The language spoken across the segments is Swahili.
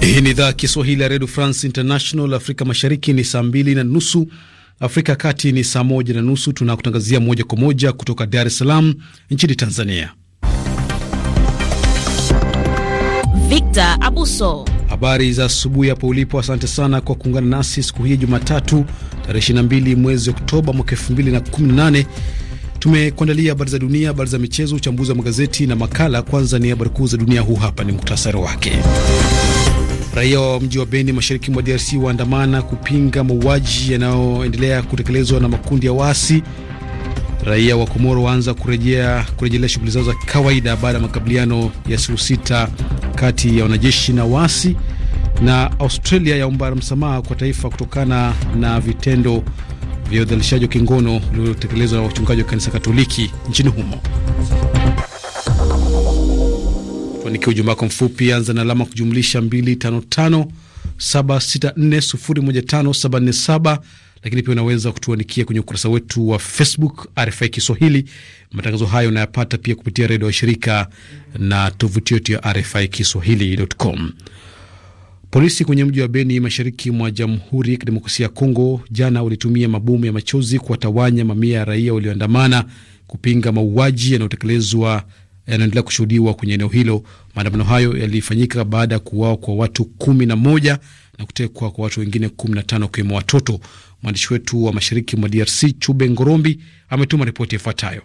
Hii ni idhaa Kiswahili ya redio France International. Afrika mashariki ni saa mbili na nusu, Afrika ya kati ni saa moja na nusu. Tunakutangazia moja kwa moja kutoka Dar es Salaam nchini Tanzania. Victor Abuso, habari za asubuhi hapo ulipo. Asante sana kwa kuungana nasi siku hii Jumatatu tarehe 22 mwezi Oktoba mwaka 2018. Tumekuandalia habari za dunia, habari za michezo, uchambuzi wa magazeti na makala. Kwanza ni habari kuu za dunia, huu hapa ni muktasari wake. Raia wa mji wa Beni mashariki mwa DRC waandamana kupinga mauaji yanayoendelea kutekelezwa na makundi ya waasi. Raia wa Komoro waanza kurejea kurejelea shughuli zao za kawaida baada ya makabiliano ya siku sita kati ya wanajeshi na waasi. Na Australia yaomba msamaha kwa taifa kutokana na vitendo vya udhalishaji wa kingono vilivyotekelezwa na wachungaji wa kanisa Katoliki nchini humo. Fanikiwa ujumbe wako mfupi, anza na alama kujumlisha 255 lakini pia unaweza kutuandikia kwenye ukurasa wetu wa Facebook RFI Kiswahili. Matangazo hayo unayapata pia kupitia redio ya shirika na tovuti yetu ya RFI Kiswahili.com. Polisi kwenye mji wa Beni, mashariki mwa Jamhuri ya Kidemokrasia ya Kongo, jana walitumia mabomu ya machozi kuwatawanya mamia ya raia walioandamana kupinga mauaji yanayotekelezwa yanaendelea kushuhudiwa kwenye eneo hilo. Maandamano hayo yalifanyika baada ya kuuawa kwa watu kumi na moja na kutekwa kwa watu wengine kumi na tano wakiwemo watoto. Mwandishi wetu wa mashariki mwa DRC Chube Ngorombi ametuma ripoti ifuatayo.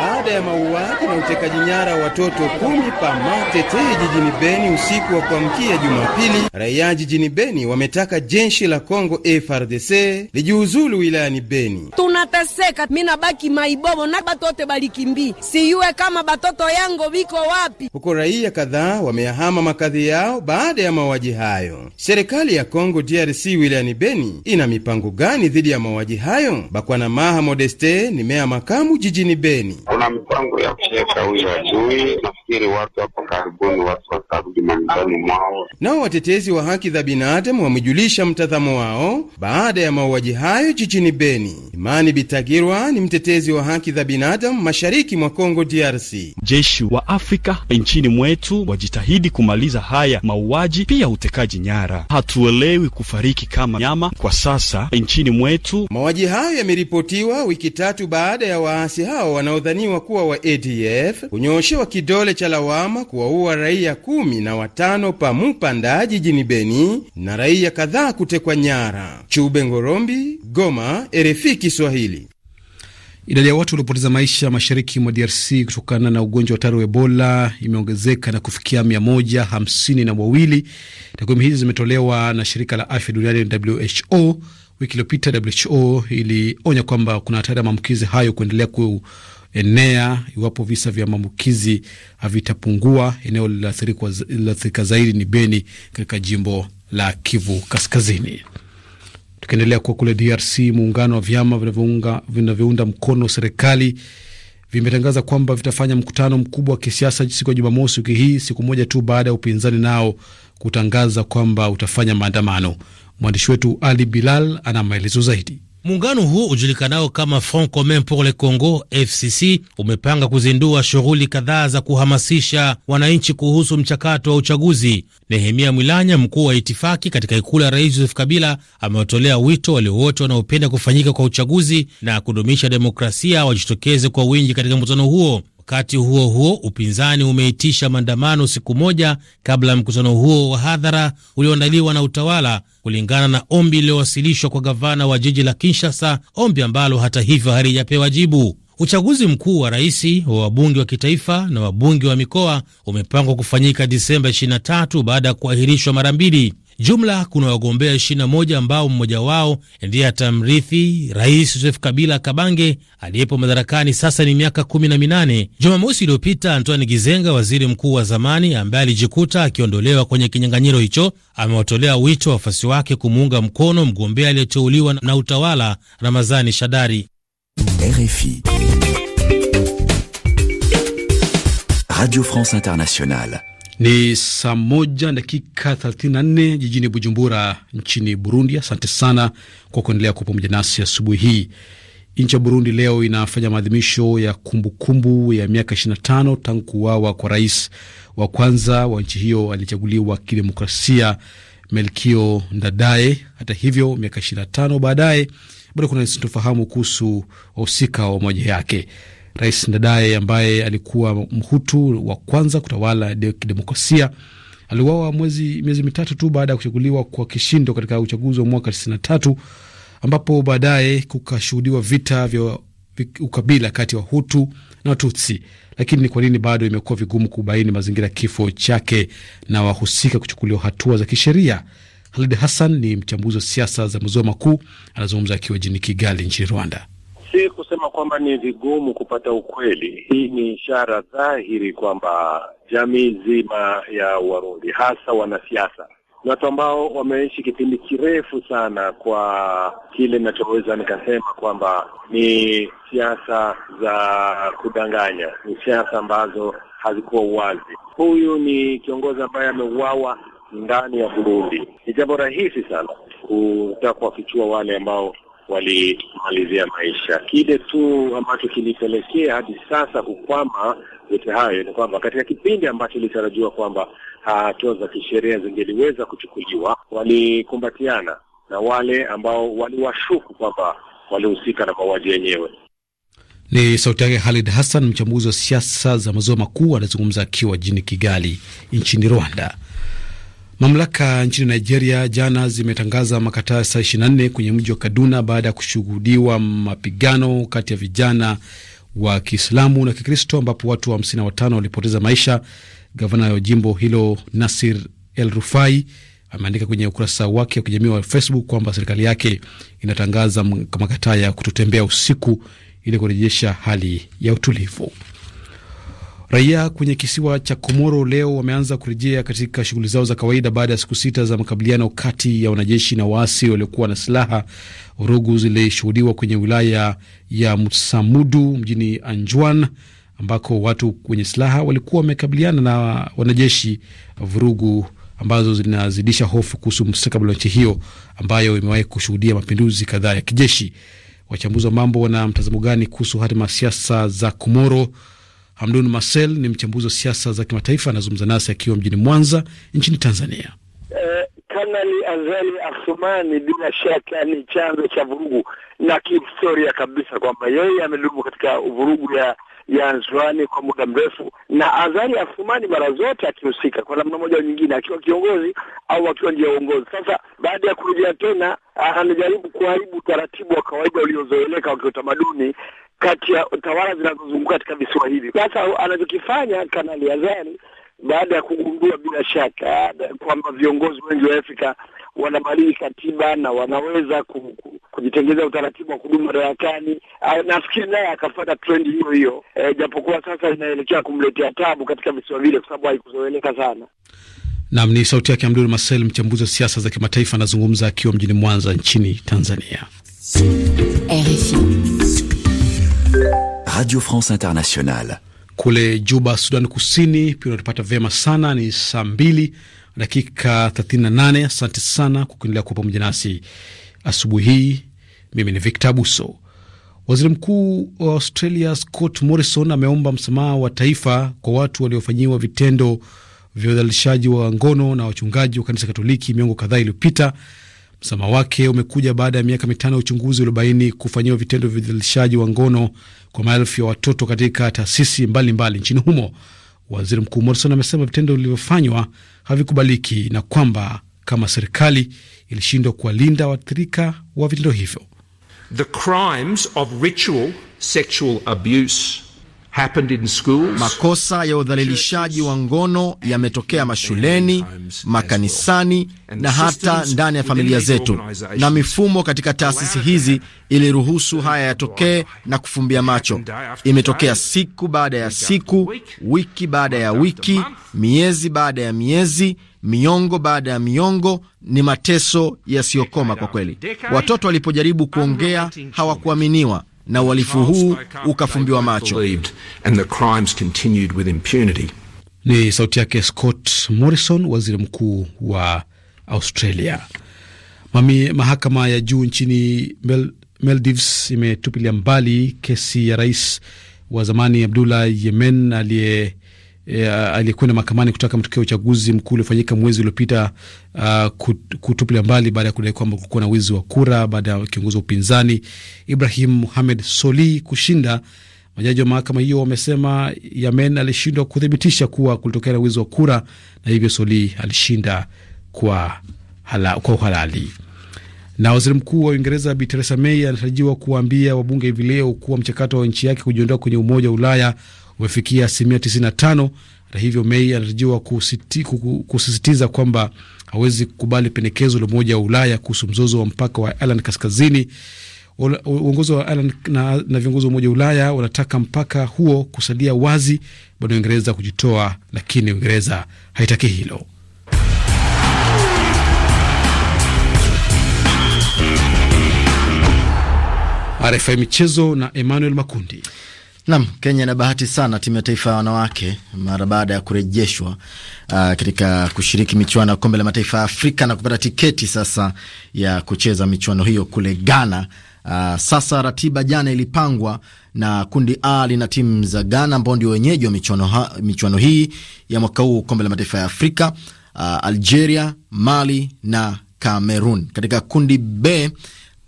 Baada ya mauaji na utekaji nyara wa watoto kumi pa Matete jijini Beni usiku wa kuamkia Jumapili, raia jijini Beni wametaka jeshi la congo frdc lijiuzulu wilayani Beni Tuna tunateseka, minabaki maibobo na batoto balikimbii, siyue kama batoto yango viko wapi. Huko raia kadhaa wameyahama makazi yao baada ya mauaji hayo. Serikali ya Kongo DRC wilayani Beni ina mipango gani dhidi ya mauaji hayo? Bakwana Maha Modeste ni meya makamu jijini Beni. Kuna mipango ya kucheka huyo adui, nafikiri watu hapo karibuni, watu watarudi manyumbani mwao. Nao watetezi wa haki za binadamu wamejulisha mtazamo wao baada ya mauaji hayo jijini Beni. Imani Imani Bitagirwa ni mtetezi wa haki za binadamu mashariki mwa Kongo DRC. Jeshi wa Afrika nchini mwetu wajitahidi kumaliza haya mauaji, pia utekaji nyara. Hatuelewi kufariki kama nyama kwa sasa nchini mwetu. Mauaji hayo yameripotiwa wiki tatu baada ya waasi hao wanaodhaniwa kuwa wa ADF kunyoshewa kidole cha lawama kuwaua raia kumi na watano Pamupanda jijini Beni na raia kadhaa kutekwa nyara. Chube Ngorombi, Goma, RFI Kiswahili. Kiswahili. Idadi ya watu waliopoteza maisha mashariki mwa DRC kutokana na ugonjwa wa hatari wa Ebola imeongezeka na kufikia mia moja hamsini na wawili. Takwimu hizi zimetolewa na shirika la afya duniani WHO. Wiki iliyopita WHO ilionya kwamba kuna hatari ya maambukizi hayo kuendelea kuenea iwapo visa vya maambukizi havitapungua. Eneo lililoathirika zaidi ni Beni katika jimbo la Kivu Kaskazini. Tukiendelea kuwa kule DRC, muungano wa vyama vinavyounda mkono serikali vimetangaza kwamba vitafanya mkutano mkubwa wa kisiasa siku ya Jumamosi wiki hii, siku moja tu baada ya upinzani nao kutangaza kwamba utafanya maandamano. Mwandishi wetu Ali Bilal ana maelezo zaidi. Muungano huo ujulikanao kama Front Commun pour le Congo FCC umepanga kuzindua shughuli kadhaa za kuhamasisha wananchi kuhusu mchakato wa uchaguzi. Nehemia Mwilanya, mkuu wa itifaki katika ikulu ya Rais Joseph Kabila, amewatolea wito wale wote wanaopenda kufanyika kwa uchaguzi na kudumisha demokrasia wajitokeze kwa wingi katika mkutano huo. Wakati huo huo, upinzani umeitisha maandamano siku moja kabla ya mkutano huo wa hadhara ulioandaliwa na utawala, kulingana na ombi lililowasilishwa kwa gavana wa jiji la Kinshasa, ombi ambalo hata hivyo halijapewa jibu. Uchaguzi mkuu wa rais wa wabunge wa kitaifa na wabunge wa mikoa umepangwa kufanyika Disemba 23 baada ya kuahirishwa mara mbili. Jumla kuna wagombea 21 ambao mmoja wao ndiye atamrithi Rais Joseph Kabila Kabange aliyepo madarakani sasa ni miaka 18. Jumamosi iliyopita, Antoine Gizenga, waziri mkuu wa zamani ambaye alijikuta akiondolewa kwenye kinyang'anyiro hicho, amewatolea wito wafuasi wake kumuunga mkono mgombea aliyeteuliwa na utawala Ramazani Shadari. RFI. Radio France Internationale. Ni saa moja dakika 34 jijini Bujumbura nchini Burundi. Asante sana kwa kuendelea kuwa pamoja nasi asubuhi hii. Nchi ya Burundi leo inafanya maadhimisho ya kumbukumbu kumbu ya miaka 25 tangu kuuawa kwa rais wa kwanza wa nchi hiyo alichaguliwa kidemokrasia Melkio Ndadaye. Hata hivyo, miaka 25 baadaye bado kuna sintofahamu kuhusu wahusika wa moja yake. Rais Ndadaye ambaye alikuwa mhutu wa kwanza kutawala kidemokrasia aliuawa mwezi miezi mitatu tu baada ya kuchaguliwa kwa kishindo katika uchaguzi wa mwaka 93 ambapo baadaye kukashuhudiwa vita vya ukabila kati ya Wahutu na Watutsi. Lakini ni kwa nini bado imekuwa vigumu kubaini mazingira ya kifo chake na wahusika kuchukuliwa hatua za kisheria? Khalid Hassan ni mchambuzi wa siasa za maziwa makuu, anazungumza akiwa jini Kigali nchini Rwanda. Si kusema kwamba ni vigumu kupata ukweli. Hii ni ishara dhahiri kwamba jamii nzima ya Warundi, hasa wanasiasa, ni watu ambao wameishi kipindi kirefu sana kwa kile ninachoweza nikasema kwamba ni siasa za kudanganya, ni siasa ambazo hazikuwa uwazi. Huyu ni kiongozi ambaye ameuawa ndani ya Burundi. Ni jambo rahisi sana kutaka kuwafichua wale ambao walimalizia maisha. Kile tu ambacho kilipelekea hadi sasa kukwama yote hayo ni kwamba katika kipindi ambacho ilitarajiwa kwamba hatua za kisheria zingeliweza kuchukuliwa, walikumbatiana na wale ambao waliwashuku kwamba walihusika na mauaji yenyewe. Ni sauti yake Khalid Hassan, mchambuzi wa siasa za maziwa makuu, anazungumza akiwa jijini Kigali nchini Rwanda. Mamlaka nchini Nigeria jana zimetangaza makataa saa 24 kwenye mji wa Kaduna baada ya kushuhudiwa mapigano kati ya vijana wa Kiislamu na Kikristo ambapo watu 55 wa walipoteza maisha. Gavana wa jimbo hilo Nasir El Rufai ameandika kwenye ukurasa wake wa kijamii wa Facebook kwamba serikali yake inatangaza makataa ya kutotembea usiku ili kurejesha hali ya utulivu. Raia kwenye kisiwa cha Komoro leo wameanza kurejea katika shughuli zao za kawaida baada ya siku sita za makabiliano kati ya wanajeshi na waasi waliokuwa na silaha. Vurugu zilishuhudiwa kwenye wilaya ya Mutsamudu mjini Anjuan ambako watu wenye silaha walikuwa wamekabiliana na wanajeshi, vurugu ambazo zinazidisha hofu kuhusu mustakabali wa nchi hiyo ambayo imewahi kushuhudia mapinduzi kadhaa ya kijeshi. Wachambuzi wa mambo wana mtazamo gani kuhusu hatima siasa za Komoro? Hamdun Marcel ni mchambuzi wa siasa za kimataifa, anazungumza nasi akiwa mjini Mwanza nchini Tanzania. Eh, Kanali Azali Asumani bila shaka ni chanzo cha vurugu na kihistoria kabisa, kwamba yeye amedumu katika vurugu ya ya Zwane kwa muda mrefu, na azari Asumani mara zote akihusika kwa namna moja nyingine, akiwa kiongozi au akiwa njia ya uongozi. Sasa baada ya kurejea tena, anajaribu ah, kuharibu utaratibu wa kawaida uliozoeleka wa kiutamaduni kati ya tawala zinazozunguka katika visiwa hivi. Sasa anachokifanya Kanali azari baada ya kugundua bila shaka ah, kwamba viongozi wengi wa Afrika wanabadili katiba na wanaweza kujitengeza utaratibu wa kudumu madarakani. Ah, nafikiri naye akafata trendi hiyo hiyo e, japokuwa sasa inaelekea kumletea tabu katika visiwa vile, kwa sababu haikuzoeleka sana. Nam ni sauti yake Abdul Masel, mchambuzi wa siasa za kimataifa, anazungumza akiwa mjini Mwanza nchini Tanzania. RFI Radio France Internationale. Kule Juba, Sudan Kusini, pia unatupata vyema sana. Ni saa mbili dakika 38. Asante sana kwa kuendelea kuwa pamoja nasi asubuhi hii. Mimi ni Victor buso Waziri Mkuu wa Australia Scott Morrison ameomba msamaha wa taifa kwa watu waliofanyiwa vitendo vya udhalilishaji wa ngono na wachungaji wa kanisa Katoliki miongo kadhaa iliyopita Msamaha wake umekuja baada ya miaka mitano ya uchunguzi uliobaini kufanyiwa vitendo vya udhalilishaji wa ngono kwa maelfu ya watoto katika taasisi mbalimbali nchini humo. Waziri Mkuu Morrison amesema vitendo vilivyofanywa havikubaliki na kwamba kama serikali ilishindwa kuwalinda waathirika wa vitendo hivyo. The crimes of ritual sexual abuse happened in schools. Makosa ya udhalilishaji wa ngono yametokea mashuleni, makanisani na hata ndani ya familia zetu, na mifumo katika taasisi hizi iliruhusu haya yatokee na kufumbia macho. Imetokea siku baada ya siku, wiki baada ya wiki, miezi baada ya miezi miongo baada ya miongo. Ni mateso yasiyokoma kwa kweli. Watoto walipojaribu kuongea hawakuaminiwa na uhalifu huu ukafumbiwa macho. Ni sauti yake Scott Morrison, waziri mkuu wa Australia. Mami, mahakama ya juu nchini Mel, Maldives imetupilia mbali kesi ya rais wa zamani Abdullah Yemen aliye e, eh, aliyekwenda mahakamani kutaka matokeo ya uchaguzi mkuu uliofanyika mwezi uliopita uh, kutupilia mbali baada ya kudai kwamba kulikuwa na wizi wa kura baada ya kiongozi wa upinzani Ibrahim Muhamed Soli kushinda. Majaji wa mahakama hiyo wamesema Yamen alishindwa kuthibitisha kuwa kulitokea na wizi wa kura na hivyo Soli alishinda kwa, hala, kwa uhalali na waziri mkuu wa Uingereza Bi Theresa May anatarajiwa kuwaambia wabunge hivi leo kuwa mchakato wa nchi yake kujiondoa kwenye Umoja wa Ulaya umefikia asilimia 95. Hata hivyo, Mei anatarajiwa kusisitiza kwamba hawezi kukubali pendekezo la Umoja wa Ulaya kuhusu mzozo wa mpaka wa Ireland kaskazini. Uongozi wa Ireland na, na viongozi wa Umoja wa Ulaya wanataka mpaka huo kusalia wazi baada ya Uingereza kujitoa, lakini Uingereza haitaki hilo. RFI Michezo na Emmanuel Makundi. Nam, Kenya ina bahati sana timu ya taifa ya wanawake mara baada ya kurejeshwa uh, katika kushiriki michuano ya kombe la mataifa ya Afrika na kupata tiketi sasa ya kucheza michuano hiyo kule Ghana. Uh, sasa ratiba jana ilipangwa na kundi A lina timu za Ghana ambao ndio wenyeji wa michuano hii ya mwaka huu kombe la mataifa ya Afrika, uh, Algeria, Mali na Cameroon. Katika kundi B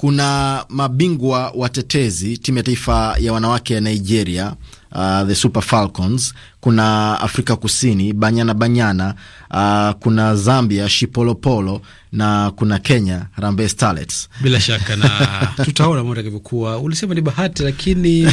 kuna mabingwa watetezi timu ya taifa ya wanawake ya Nigeria, uh, the Super Falcons kuna Afrika Kusini Banyana Banyana, uh, kuna Zambia Shipolopolo na kuna Kenya Harambee Starlets. Bila shaka na tutaona muda kivyokuwa. Ulisema ni bahati, lakini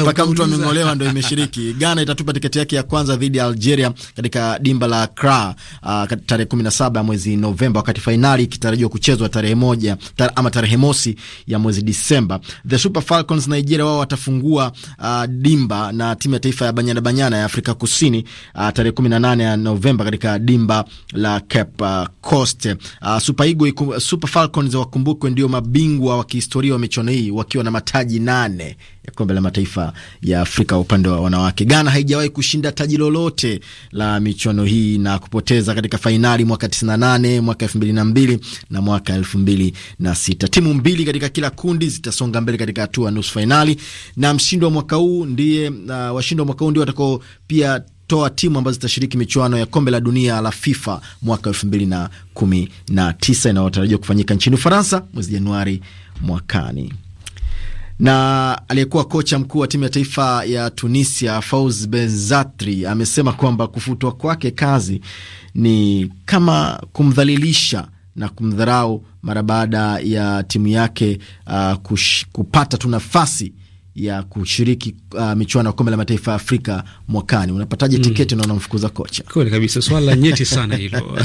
mpaka mtu ameng'olewa ndio imeshiriki. Ghana itatupa tiketi yake ya kwanza dhidi ya Algeria katika dimba la Accra uh, tarehe 17 ya mwezi Novemba, wakati fainali ikitarajiwa kuchezwa tarehe moja tar, ama tarehe mosi ya mwezi Disemba. The Super Falcons Nigeria wao watafungua uh, dimba na timu ya taifa ya Banyana Banyana ya Afrika Kusini uh, tarehe kumi na nane ya Novemba katika dimba la Cape uh, Coast. Uh, Super Eagles, Super Falcons wakumbukwe ndio mabingwa wa kihistoria wa michuano hii wakiwa na mataji nane ya kombe la mataifa ya Afrika upande wa wanawake. Ghana haijawahi kushinda taji lolote la michuano hii na kupoteza katika fainali mwaka 98, mwaka 2002 na mwaka 2006. Timu mbili katika kila kundi zitasonga mbele katika hatua nusu fainali na mshindi wa mwaka huu ndiye uh, washindi wa mwaka huu ndio itako pia toa timu ambazo zitashiriki michuano ya kombe la dunia la FIFA mwaka elfu mbili na kumi na tisa inayotarajiwa kufanyika nchini Ufaransa mwezi Januari mwakani. Na aliyekuwa kocha mkuu wa timu ya taifa ya Tunisia Fawzi Benzatri amesema kwamba kufutwa kwake kazi ni kama kumdhalilisha na kumdharau mara baada ya timu yake uh, kush, kupata tu nafasi ya kushiriki uh, michuano ya kombe la mataifa ya Afrika mwakani. Unapataje mm. tiketi mm? na unamfukuza kocha? Kweli kabisa, swala nyeti sana hilo.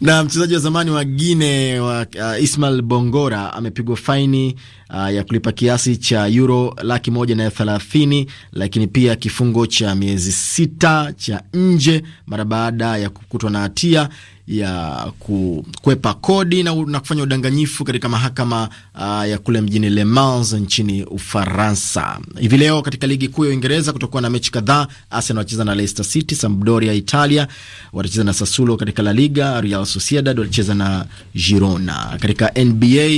na mchezaji wa zamani wa Guine wa uh, Ismail Bongora amepigwa faini uh, ya kulipa kiasi cha euro laki moja na thelathini, lakini pia kifungo cha miezi sita cha nje mara baada ya kukutwa na hatia ya kukwepa kodi na, na kufanya udanganyifu katika mahakama uh, ya kule mjini Le Mans nchini Ufaransa. Hivi leo katika ligi kuu ya Uingereza kutakuwa na mechi kadhaa. Arsenal wacheza na Leicester City, Sampdoria Italia watacheza na Sassuolo. Katika La Liga, Real Sociedad walicheza na Girona. Katika NBA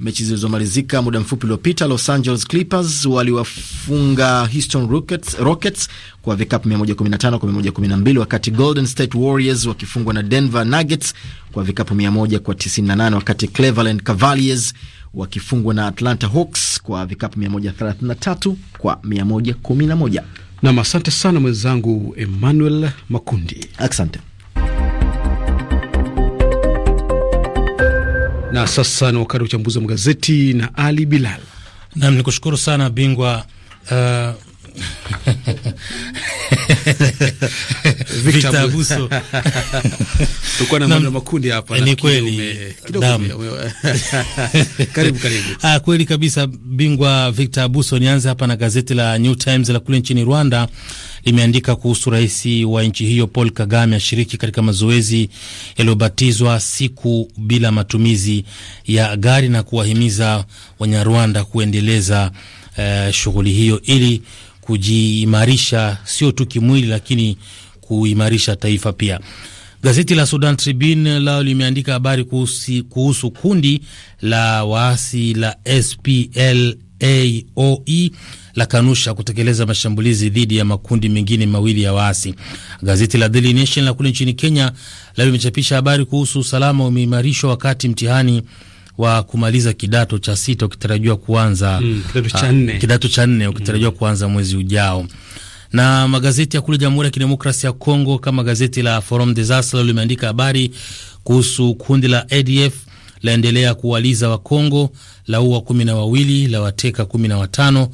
Mechi zilizomalizika muda mfupi uliopita, Los Angeles Clippers waliwafunga Houston Rockets, Rockets kwa vikapu 115 kwa 112, wakati Golden State Warriors wakifungwa na Denver Nuggets kwa vikapu 100 kwa 98, wakati Cleveland Cavaliers wakifungwa na Atlanta Hawks kwa vikapu 133 kwa 111. Nam, asante sana mwenzangu Emmanuel Makundi, asante. Na sasa ni wakati wa uchambuzi wa magazeti na Ali Bilal. Nam, ni kushukuru sana bingwa uh... Victor Abuso, tulikuwa na mambo makundi hapa, ni kweli Karibu karibu. Ah, kweli kabisa, bingwa Victor Abuso. Nianze hapa na gazeti la New Times la kule nchini Rwanda limeandika kuhusu rais wa nchi hiyo Paul Kagame ashiriki katika mazoezi yaliyobatizwa siku bila matumizi ya gari na kuwahimiza Wanyarwanda kuendeleza uh, shughuli hiyo ili kujiimarisha sio tu kimwili, lakini kuimarisha taifa pia. Gazeti la Sudan Tribune lao limeandika habari kuhusu, kuhusu kundi la waasi la SPLAOE la kanusha kutekeleza mashambulizi dhidi ya makundi mengine mawili ya waasi. Gazeti la Daily Nation la kule nchini Kenya lao limechapisha habari kuhusu usalama umeimarishwa wakati mtihani wa kumaliza kidato cha sita ukitarajiwa kuanza mm, ah, kidato cha nne ukitarajiwa mm, kuanza mwezi ujao na magazeti ya kule Jamhuri ya Kidemokrasi ya Kongo kama gazeti la Forum des Asla limeandika habari kuhusu kundi la ADF laendelea kuwaliza Wakongo, la ua kumi na wawili la wateka kumi na watano.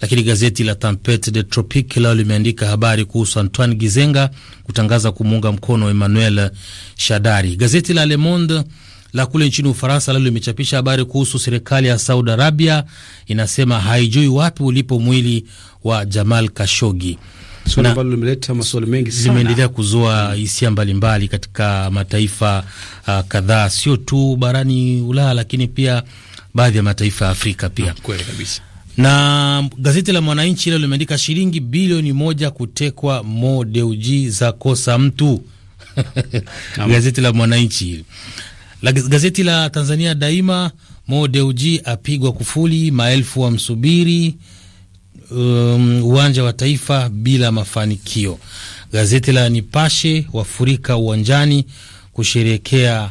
Lakini gazeti la Tempete de Tropique lao limeandika habari kuhusu Antoine Gizenga kutangaza kumuunga mkono Emmanuel Shadari. Gazeti la Le Monde la kule nchini Ufaransa lalo limechapisha habari kuhusu serikali ya Saudi Arabia inasema haijui wapi ulipo mwili wa Jamal Kashogi. Zimeendelea kuzua hisia mbalimbali katika mataifa uh, kadhaa, sio tu barani Ulaya, lakini pia baadhi ya mataifa ya Afrika pia. Ah, kweli kabisa. Na gazeti la Mwananchi hilo limeandika shilingi bilioni moja kutekwa Mo Dewji za kosa mtu gazeti la Mwananchi hili la gazeti la Tanzania Daima, Mo Dewji apigwa kufuli, maelfu wamsubiri um, uwanja um, wa Taifa bila mafanikio. Gazeti la Nipashe, wafurika uwanjani kusherekea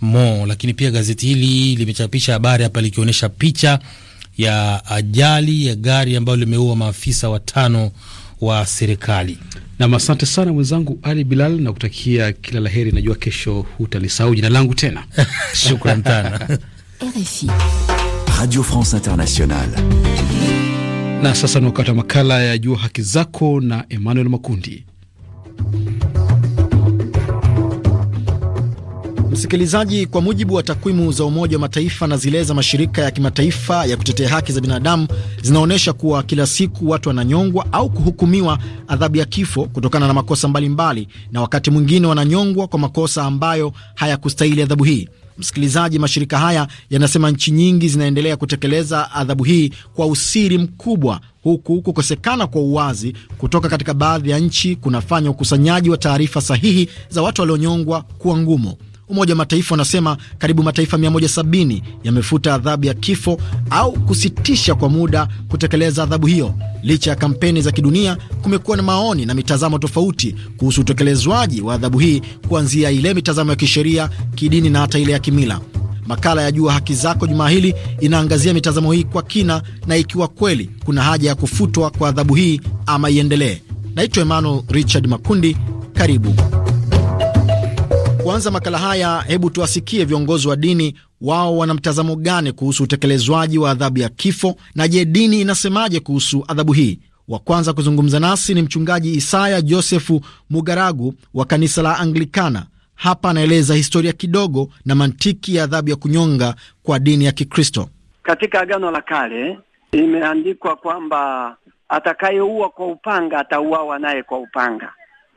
Mo. Lakini pia gazeti hili limechapisha habari hapa likionyesha picha ya ajali ya gari ambayo limeua maafisa watano wa serikali. Nam, asante sana mwenzangu Ali Bilal na kutakia kila la heri. Najua kesho hutalisahau jina langu tena. Shukran sana. RFI Radio France Internationale. Na sasa ni wakati wa makala ya Jua Haki Zako na Emmanuel Makundi. Msikilizaji, kwa mujibu wa takwimu za Umoja wa Mataifa na zile za mashirika ya kimataifa ya kutetea haki za binadamu zinaonyesha kuwa kila siku watu wananyongwa au kuhukumiwa adhabu ya kifo kutokana na makosa mbalimbali mbali, na wakati mwingine wananyongwa kwa makosa ambayo hayakustahili adhabu hii. Msikilizaji, mashirika haya yanasema nchi nyingi zinaendelea kutekeleza adhabu hii kwa usiri mkubwa, huku kukosekana kwa uwazi kutoka katika baadhi ya nchi kunafanya ukusanyaji wa taarifa sahihi za watu walionyongwa kuwa ngumu. Umoja wa Mataifa unasema karibu mataifa 170 yamefuta adhabu ya kifo au kusitisha kwa muda kutekeleza adhabu hiyo. Licha ya kampeni za kidunia, kumekuwa na maoni na mitazamo tofauti kuhusu utekelezwaji wa adhabu hii, kuanzia ile mitazamo ya kisheria, kidini na hata ile ya kimila. Makala ya Jua Haki Zako jumaa hili inaangazia mitazamo hii kwa kina na ikiwa kweli kuna haja ya kufutwa kwa adhabu hii ama iendelee. Naitwa Emmanuel Richard Makundi, karibu. Kuanza makala haya, hebu tuwasikie viongozi wa dini, wao wana mtazamo gani kuhusu utekelezwaji wa adhabu ya kifo, na je, dini inasemaje kuhusu adhabu hii? Wa kwanza kuzungumza nasi ni mchungaji Isaya Josefu Mugaragu wa kanisa la Anglikana. Hapa anaeleza historia kidogo na mantiki ya adhabu ya kunyonga kwa dini ya Kikristo. Katika Agano la Kale imeandikwa kwamba atakayeua kwa upanga atauawa naye kwa upanga.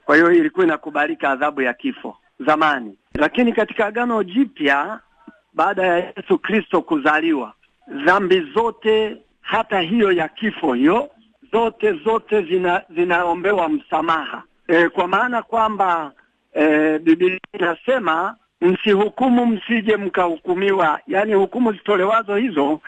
Kwa hiyo ilikuwa inakubalika adhabu ya kifo, zamani, lakini katika Agano Jipya baada ya Yesu Kristo kuzaliwa, dhambi zote hata hiyo ya kifo hiyo zote zote zina, zinaombewa msamaha e, kwa maana kwamba e, Biblia inasema msihukumu msije mkahukumiwa. Yaani hukumu zitolewazo hizo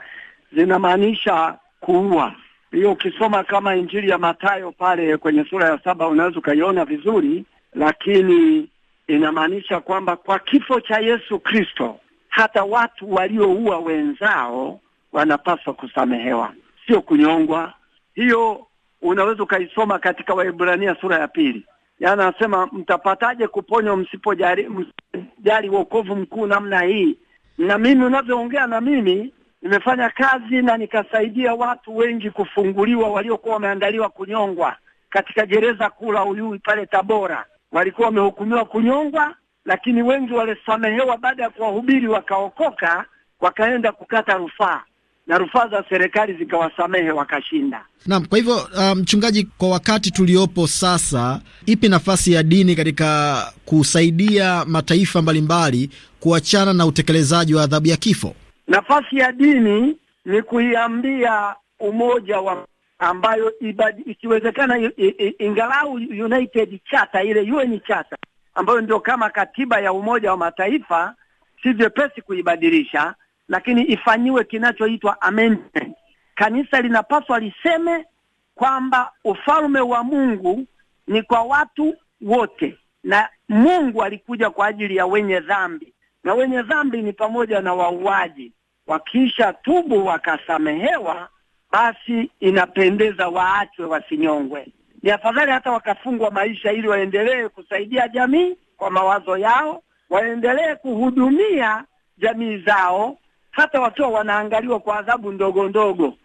zinamaanisha kuua. Hiyo ukisoma kama Injili ya Mathayo pale kwenye sura ya saba unaweza ukaiona vizuri, lakini inamaanisha kwamba kwa kifo cha Yesu Kristo hata watu walioua wenzao wanapaswa kusamehewa, sio kunyongwa. Hiyo unaweza ukaisoma katika Waebrania sura ya pili, yaani anasema mtapataje kuponywa msipojali msipojali wokovu mkuu namna hii? Na mimi unavyoongea, na mimi nimefanya kazi na nikasaidia watu wengi kufunguliwa waliokuwa wameandaliwa kunyongwa katika gereza kuu la Uyui pale Tabora walikuwa wamehukumiwa kunyongwa, lakini wengi walisamehewa baada ya kuwahubiri, wakaokoka, wakaenda kukata rufaa na rufaa za serikali zikawasamehe wakashinda. Naam, kwa hivyo uh, mchungaji, um, kwa wakati tuliopo sasa, ipi nafasi ya dini katika kusaidia mataifa mbalimbali kuachana na utekelezaji wa adhabu ya kifo? Nafasi ya dini ni kuiambia umoja wa ambayo ibadi, ikiwezekana ingalau United Charter ile UN charter ambayo ndio kama katiba ya Umoja wa Mataifa, si vyepesi kuibadilisha, lakini ifanyiwe kinachoitwa amendment. Kanisa linapaswa liseme kwamba ufalme wa Mungu ni kwa watu wote, na Mungu alikuja kwa ajili ya wenye dhambi, na wenye dhambi ni pamoja na wauaji. Wakisha tubu wakasamehewa basi inapendeza waachwe, wasinyongwe. Ni afadhali hata wakafungwa maisha, ili waendelee kusaidia jamii kwa mawazo yao, waendelee kuhudumia jamii zao, hata wakiwa wanaangaliwa kwa adhabu ndogo ndogo.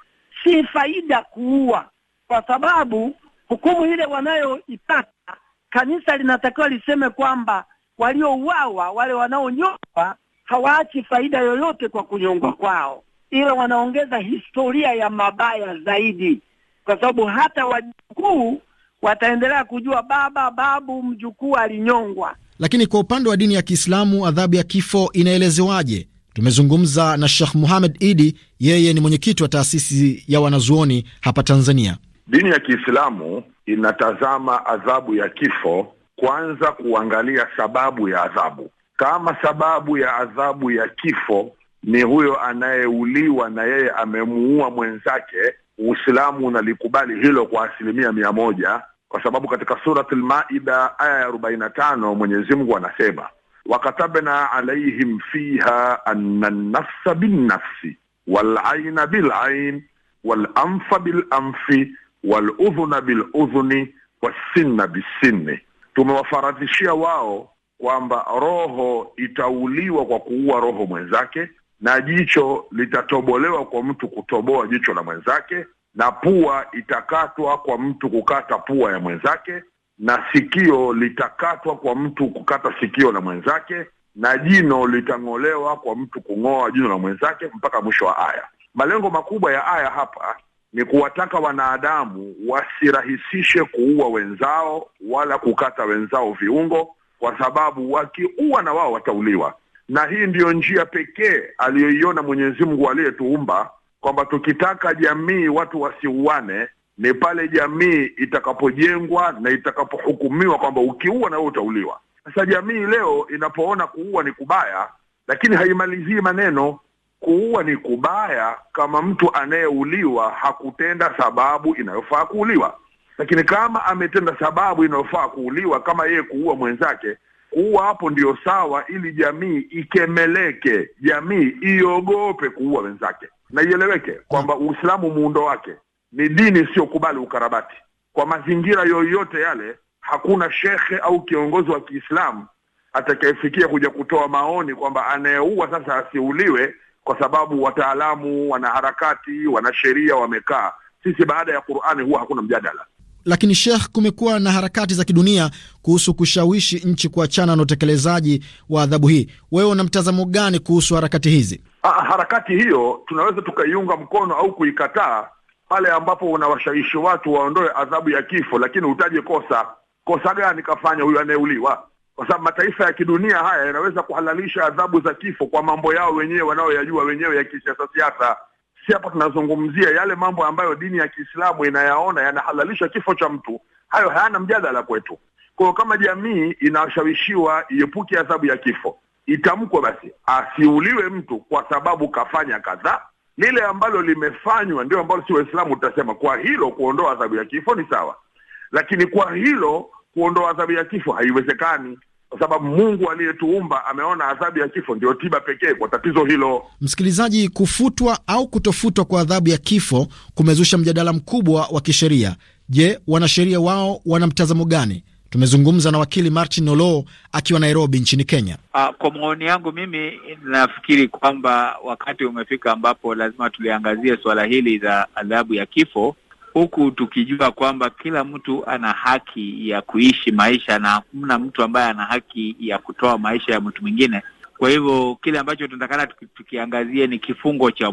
Si faida kuua, kwa sababu hukumu ile wanayoipata, kanisa linatakiwa liseme kwamba waliouawa, wale wanaonyongwa hawaachi faida yoyote kwa kunyongwa kwao ila wanaongeza historia ya mabaya zaidi, kwa sababu hata wajukuu wataendelea kujua baba, babu, mjukuu alinyongwa. Lakini kwa upande wa dini ya Kiislamu, adhabu ya kifo inaelezewaje? Tumezungumza na Sheikh Muhamed Idi, yeye ni mwenyekiti wa taasisi ya wanazuoni hapa Tanzania. Dini ya Kiislamu inatazama adhabu ya kifo kwanza, kuangalia sababu ya adhabu. Kama sababu ya adhabu ya kifo ni huyo anayeuliwa na yeye amemuua mwenzake, Uislamu unalikubali hilo kwa asilimia mia moja kwa sababu katika Surat Lmaida aya ya arobaini na tano mwenyezimngu anasema wakatabna alaihim fiha ana nafsa binnafsi walaina bilain walanfa bilanfi waludhuna biludhuni wassinna bissinni, tumewafaradhishia wao kwamba roho itauliwa kwa kuua roho mwenzake, na jicho litatobolewa kwa mtu kutoboa jicho la mwenzake, na pua itakatwa kwa mtu kukata pua ya mwenzake, na sikio litakatwa kwa mtu kukata sikio la mwenzake, na jino litang'olewa kwa mtu kung'oa jino la mwenzake, mpaka mwisho wa aya. Malengo makubwa ya aya hapa ni kuwataka wanadamu wasirahisishe kuua wenzao wala kukata wenzao viungo, kwa sababu wakiua na wao watauliwa na hii ndiyo njia pekee aliyoiona Mwenyezi Mungu aliyetuumba kwamba tukitaka jamii watu wasiuane ni pale jamii itakapojengwa na itakapohukumiwa kwamba ukiua na wewe utauliwa. Sasa jamii leo inapoona kuua ni kubaya, lakini haimalizii maneno kuua ni kubaya kama mtu anayeuliwa hakutenda sababu inayofaa kuuliwa, lakini kama ametenda sababu inayofaa kuuliwa, kama yeye kuua mwenzake, kuua hapo ndio sawa, ili jamii ikemeleke, jamii iogope kuua wenzake, na ieleweke kwamba mm. Uislamu muundo wake ni dini isiyokubali ukarabati kwa mazingira yoyote yale. Hakuna shekhe au kiongozi wa Kiislamu atakayefikia kuja kutoa maoni kwamba anayeua sasa asiuliwe, kwa sababu wataalamu, wanaharakati, wanasheria wamekaa. Sisi baada ya Qur'ani huwa hakuna mjadala. Lakini Sheikh, kumekuwa na harakati za kidunia kuhusu kushawishi nchi kuachana na utekelezaji wa adhabu hii. Wewe una mtazamo gani kuhusu harakati hizi? Ha, ah, harakati hiyo tunaweza tukaiunga mkono au kuikataa pale ambapo unawashawishi watu waondoe adhabu ya kifo, lakini utaje kosa. Kosa gani kafanya huyu anayeuliwa? Kwa sababu mataifa ya kidunia haya yanaweza kuhalalisha adhabu za kifo kwa mambo yao wenyewe wanaoyajua wenyewe ya kisiasa siasa si hapa tunazungumzia yale mambo ambayo dini ya Kiislamu inayaona yanahalalisha kifo cha mtu, hayo hayana mjadala kwetu. Kwa hiyo kama jamii inashawishiwa iepuke adhabu ya kifo, itamkwa basi asiuliwe mtu kwa sababu kafanya kadhaa. Lile ambalo limefanywa ndio ambalo si Waislamu utasema kwa hilo kuondoa adhabu ya kifo ni sawa, lakini kwa hilo kuondoa adhabu ya kifo haiwezekani kwa sababu Mungu aliyetuumba ameona adhabu ya kifo ndio tiba pekee kwa tatizo hilo. Msikilizaji, kufutwa au kutofutwa kwa adhabu ya kifo kumezusha mjadala mkubwa wa kisheria. Je, wanasheria wao wana mtazamo gani? Tumezungumza na wakili Martin Olo akiwa Nairobi nchini Kenya. Uh, kwa maoni yangu mimi nafikiri kwamba wakati umefika ambapo lazima tuliangazia suala hili la adhabu ya kifo huku tukijua kwamba kila mtu ana haki ya kuishi maisha na hakuna mtu ambaye ana haki ya kutoa maisha ya mtu mwingine. Kwa hivyo kile ambacho tunatakana tuki, tukiangazie ni kifungo cha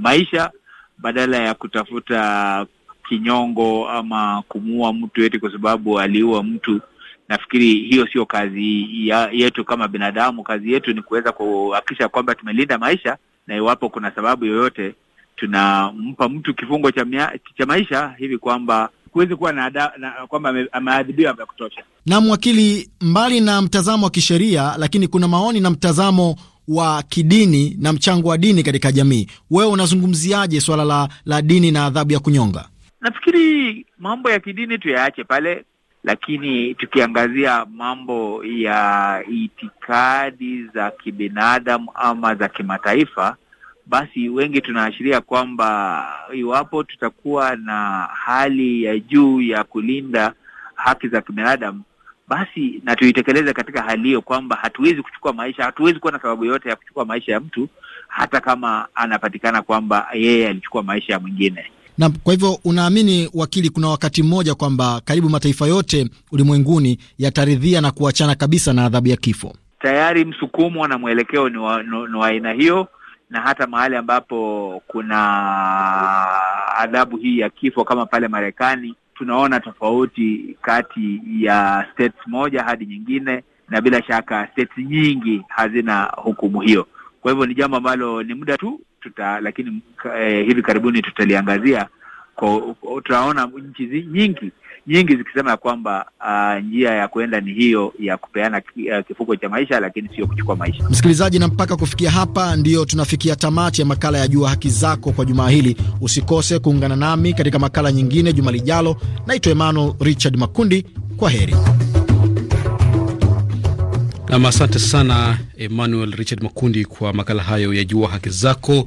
maisha badala ya kutafuta kinyongo ama kumuua mtu yeti kwa sababu aliua mtu. Nafikiri hiyo sio kazi ya, yetu kama binadamu. Kazi yetu ni kuweza kuhakikisha kwamba tumelinda maisha, na iwapo kuna sababu yoyote tunampa mtu kifungo cha, mia, cha maisha hivi kwamba kuwezi kuwa na, na kwamba ameadhibiwa vya kutosha. Na mwakili, mbali na mtazamo wa kisheria, lakini kuna maoni na mtazamo wa kidini na mchango wa dini katika jamii. Wewe unazungumziaje swala la, la dini na adhabu ya kunyonga? Nafikiri mambo ya kidini tuyaache pale, lakini tukiangazia mambo ya itikadi za kibinadamu ama za kimataifa basi wengi tunaashiria kwamba iwapo tutakuwa na hali ya juu ya kulinda haki za kibinadamu, basi na tuitekeleze katika hali hiyo, kwamba hatuwezi kuchukua maisha, hatuwezi kuwa na sababu yote ya kuchukua maisha ya mtu, hata kama anapatikana kwamba yeye alichukua maisha ya mwingine. Na kwa hivyo unaamini, wakili, kuna wakati mmoja kwamba karibu mataifa yote ulimwenguni yataridhia na kuachana kabisa na adhabu ya kifo? Tayari msukumo na mwelekeo ni wa aina hiyo na hata mahali ambapo kuna adhabu hii ya kifo kama pale Marekani, tunaona tofauti kati ya states moja hadi nyingine, na bila shaka states nyingi hazina hukumu hiyo. Kwa hivyo ni jambo ambalo ni muda tu tuta, lakini eh, hivi karibuni tutaliangazia. Tunaona nchi nyingi nyingi zikisema kwamba uh, njia ya kuenda ni hiyo ya kupeana eh, kifuko cha maisha, lakini sio kuchukua maisha. Msikilizaji, na mpaka kufikia hapa ndiyo tunafikia tamati ya makala ya Jua Haki Zako kwa jumaa hili. Usikose kuungana nami katika makala nyingine juma lijalo. Naitwa Emmanuel Richard Makundi, kwa heri. Nam, asante sana Emmanuel Richard Makundi kwa makala hayo ya Jua Haki Zako.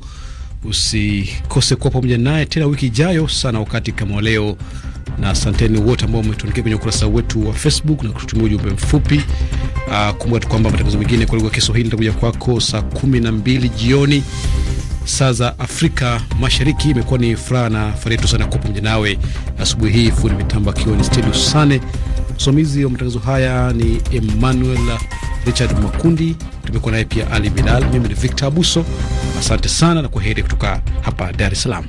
Usikose kuwa pamoja naye tena wiki ijayo sana wakati kama leo na asanteni wote ambao umetuandikia kwenye ukurasa wetu wa Facebook na kututumia ujumbe mfupi. Uh, kumbuka tu kwamba matangazo mengine kwa lugha ya Kiswahili itakuja kwako saa kumi na mbili jioni saa za Afrika Mashariki. Imekuwa ni furaha na fahari yetu sana kuwa pamoja nawe asubuhi hii, fundi mitambo akiwa ni Stedio Sane, msimamizi wa matangazo haya ni Emmanuel Richard Makundi, tumekuwa naye pia Ali Bilal. Mimi ni Victor Abuso, asante sana na kwa heri kutoka hapa Dar es Salaam.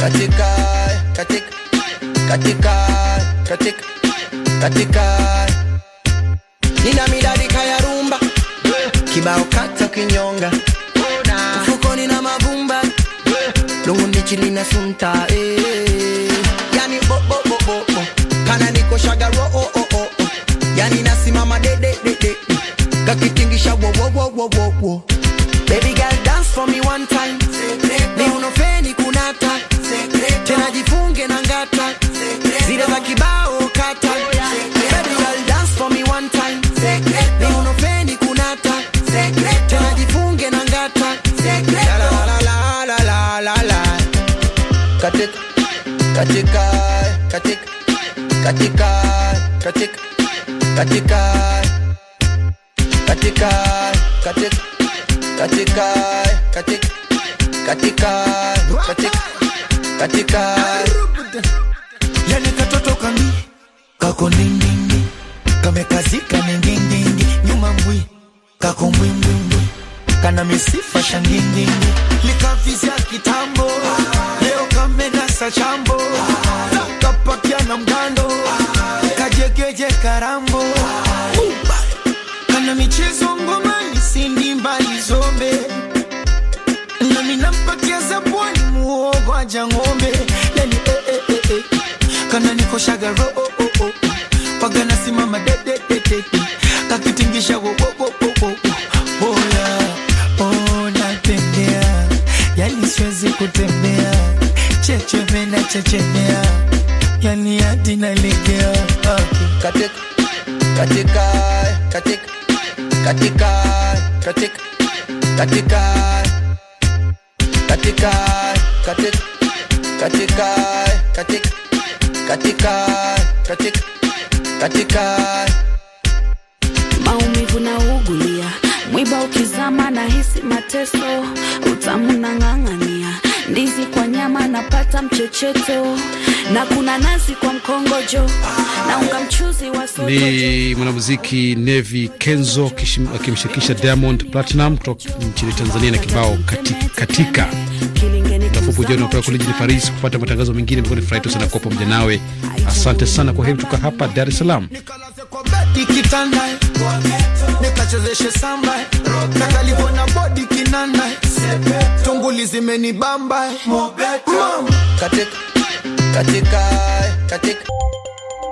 katika katika katika katika katika nina midadika kaya rumba kibao kata kinyonga mfukoni nina mabumba luhundi chini na sunta eh. yani bo bo, bo, bo. kana niko shaga ro o o o yani nasimama dededede kakitingisha wo wo wo wo wo baby girl dance for me one time katika katika katika katika katika katika katika katika katika katika katika katika katika yani katoto kami kako ningini kamekazika ningingingi nyuma mbwi kako mbwimbwimbwi kana misifa shangingingi likavizia kitambo ah pesa chambo kapakia na mgando kajegeje karambo kana michezo ngoma ngomani sindi mbali zombe nami nampatia zabwani muogo aja ng'ombe yani eh, eh, eh, eh, eh. kana nikoshaga ro oh, oh, oh. oh. pagana simama dededede kakitingisha wo, wo, wo, wo, wo. boya oh, natembea oh, oh, yani siwezi kutembea inachechemea, yani hadi nalegea katika katika katika katika katika katika katika maumivu na ugulia mwiba ukizama na hisi mateso utamu na ng'ang'ani ndizi kwa nyama napata mchecheto na kuna nazi kwa mkongojo na unga mchuzi wa soto. Ni mwanamuziki Nevi Kenzo akimshirikisha Diamond Platinum kutoka nchini Tanzania na kibao katika, katika. Fupi ujao unakutoka kule jijini Paris kupata matangazo mengine. Mekuwa ni furahi tosana kuwa pamoja nawe, asante sana. Kwa heri kutoka hapa Dar es Salaam. Nikachezeshe samba nakalivona kalivyo na bodi kinanda tunguli bamba katika katika katika